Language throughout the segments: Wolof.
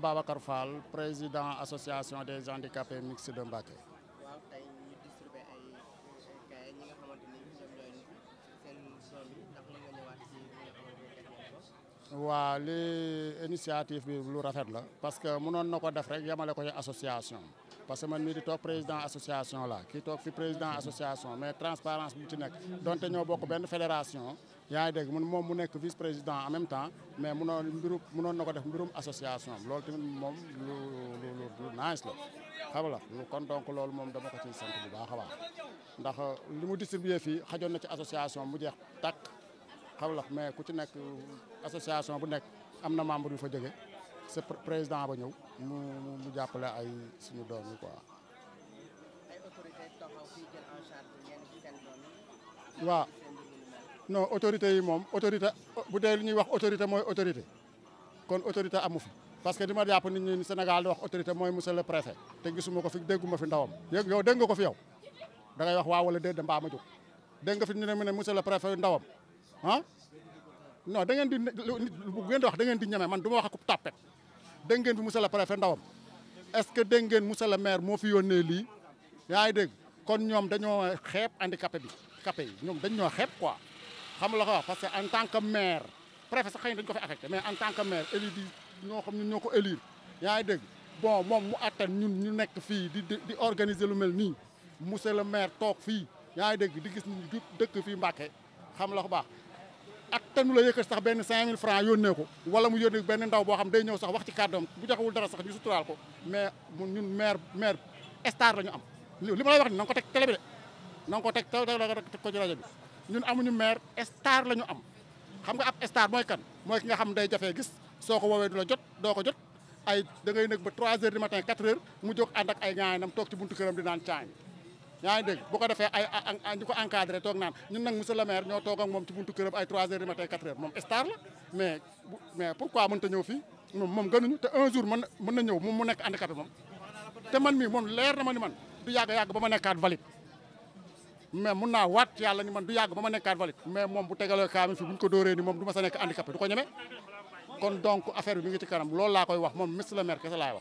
Babacar Fall président association des handicapés mixtes de Mbacké. waaw tey waaw li initiative bi lu rafet la parce que mënoon na ko def rek yemale ko ci association. parce que man mii di toog président association la kii toog fi président association mais transparence bu ci nekk donte ñoo bokk benn fédération yaa ngi dégg mun moom mu nekk vice président en même temps mais munoon mbirum munoon na ko def mbirum association loolu tamit moom lu lu lu la xam nga kon donc loolu moom dama ko ciy bu baax a baax ndax euh, li mu distribué fii xajoon na ci association mu jeex tak xam nga mais ku ci nekk association bu nekk am na membre yu fa jóge sa président ba ñëw mu jàppale ay suñu doom yi quoi. waa autorités autorité yi moom autorité bu dee li ñuy wax autorité mooy autorité kon autorité amu fi parce que di ma jàpp nit ñi Sénégal di wax autorité mooy monsieur le préfet te gisuma ko fi dégguma fi ndawam yëg yow dégg nga ko fi yow da ngay wax waaw wala déet mbaa ma jóg dégg nga fi ñu ne mu le préfet ndawam ah non da ngeen di bu ngeen di wax da ngeen di ñeme man du ma wax ak tàppet dégg ngeen fi monsieur le ndawam est-ce que dégg ngeen monsieur le maire moo fi yónnee lii yaa ngi dégg kon ñoom dañoo xeeb handicapé bi capé yi ñoom dañ ñoo xeeb quoi xam la ko wax parce que en tant que maire préfet sax xëy dañ ko fi affecté mais en tant que maire élu di ñoo xam ñun ñoo ko élire yaa ngi dégg bon moom mu attan ñun ñu nekk fii di di organiser lu mel nii monsieur le maire toog fii yaa ngi dégg di gis ñu dëkk fii Mbàkke xam la ko baax attanu la yëkkati sax benn 5000 francs yónnee ko wala mu yónnee benn ndaw boo xam day ñëw sax wax ci kàddoom bu joxewul dara sax ñu suturaal ko mais ñun maire maire star la ñu am li ma wax ni ko teg télé bi de na nga ko teg ko ci rajo bi ñun amuñu maire stare la ñu am xam nga ab star mooy kan mooy ki nga xam day jafe gis soo ko woowee du la jot doo ko jot ay da ngay nekk ba 3 heures du matin 4 heures mu jóg ànd ak ay gaañanam toog ci buntu këram di naan caañ yaa ngi dégg bu ko defee ay ñu ko encadré toog naan ñun nag monsieur le ñoo toog moom ci buntu këram ay 3 heures du matin 4 heures moom star la mais mais pourquoi mënta mu nekk handicapé moom te man mii moom leer na ma ni man du yàgg yàgg ba ma nekkaat valide mais mun naa waat yàlla ni man du yàgg ba ma nekkaat valide mais moom bu tegaloo kaami fi bu ñu ko dóoree ni moom du ma sa nekk handicapé du ko ñeme kon donc affaire bi mi ngi ci kanam laa wax moom monsieur le maire kese laay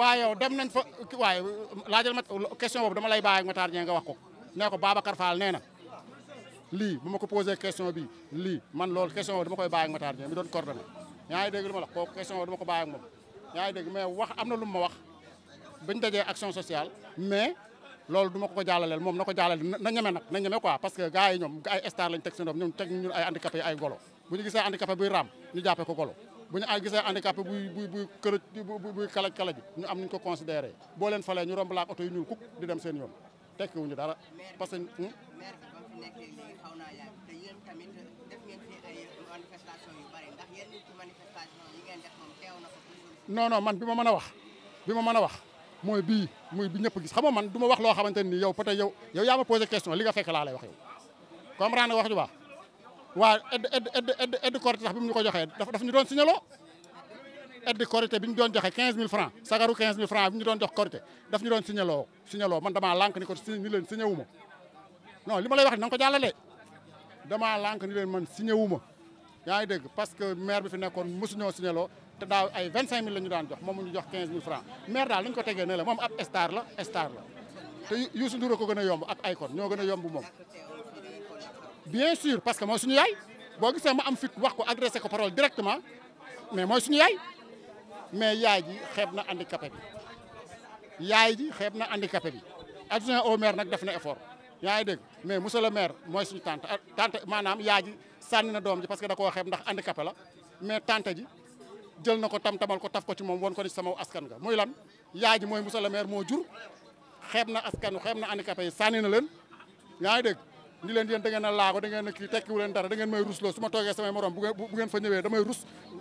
waaye yow dem nañ fa waaye euh, laajal ma euh, question boobu dama lay bàyyi ak Matar Dieng nga wax ko nee ko Babacar Fall nee na lii bu ma ko posé question bi lii man loolu question boobu dama koy bàyyi ak Matar Dieng doon coordonné yaa ma la kooku ko bàyyi ak mais wax am na lu ma wax bañ dajee action sociale mais loolu du ma ko ko jàllaleel moom na ko jàllale na ñeme nag na ñeme quoi parce que gars yi ñoom ay star lañ teg seen doom ñoom teg ñun ay handicapé ay golo bu ñu gisee handicapé buy raam ñu jàppee ko golo bu ñu gisee handicapé buy buy buy kërëj buy kalaj kalaj ñu am nuñ ko considéré boo leen falee ñu romb laak oto yi ñuul kuk di dem seen yoon tekki ñu dara parce que hmm? non non man bi ma man a wax bi ma mën a wax mooy bi ñëpp gis xam nga man du ma wax loo xamante ni yow peut-être yow yow yaa ma posé question li nga fekk laa lay wax yow comprendre nga wax ju waaw aide aide aide aide sax bi mu ñu ko joxee daf daf ñu doon signaloo aide Korité bi ñu doon joxe 15000 francs sagaru 15000 francs bi ñu doon jox Korité daf ñu doon signaloo signaloo man damaa lànk ni ko si ni leen signé li ma lay wax na nga ko jàllale damaa lànk ni leen man signé wu ma yaa ngi dégg parce que maire bi fi nekkoon mosuñoo signaloo te daaw ay 25000 la ñu daan jox moom mu ñu jox 15000 francs maire daal li ñu ko tegee ne la moom ab star la star ko gën a yomb ak Akon ñoo gën a yomb moom bien sûr parce que mooy suñu yaay boo gisee ma am fit wax ko adressé ko parole directement mais mooy suñu yaay mais yaay ji xeeb na handicapé bi yaay ji xeeb na handicapé bi adjoint au maire nag def na effort yaa ngi dégg mais monsieur le maire mooy suñu tante tante maanaam yaay ji sànni na doom ji parce que da koo xeeb ndax handicapé la mais tante ji jël na ko tam tamal ko taf ko ci moom won ko ni sama askan ga muy lan yaay ji mooy monsieur le maire moo jur xeeb na askanu xeeb na handicapé yi sànni na leen yaa ngi dégg ni leen yéen da ngeen a laago da ngeen a kii tekkiwu leen dara da ngeen may rusloo su ma toogee samay morom bu ngeen fa ñëwee damay rus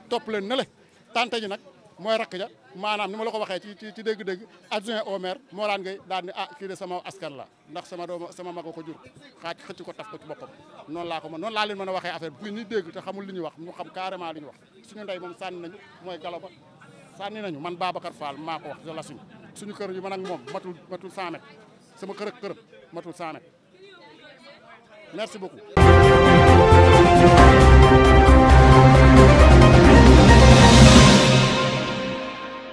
topp leen ne tante ji nag mooy rakk ja maanaam ni ma la ko waxee ci ci dégg-dégg adjoint au maire Morane Gueye daal ni ah askan la ndax sama doom sama mago ko jur xaaj ko taf ko ci noonu laa ko mën noonu laa leen mën a waxee affaire bu ñu dégg te xamul li ñuy wax ñu xam carrément li ñuy wax suñu ndey moom sànni nañu mooy galo ba sànni nañu man Babacar Fall maa ko wax je l'assume suñu kër yi man ak moom matul matul 100 mètres sama kër ak këram matul 100 mètres merci beaucoup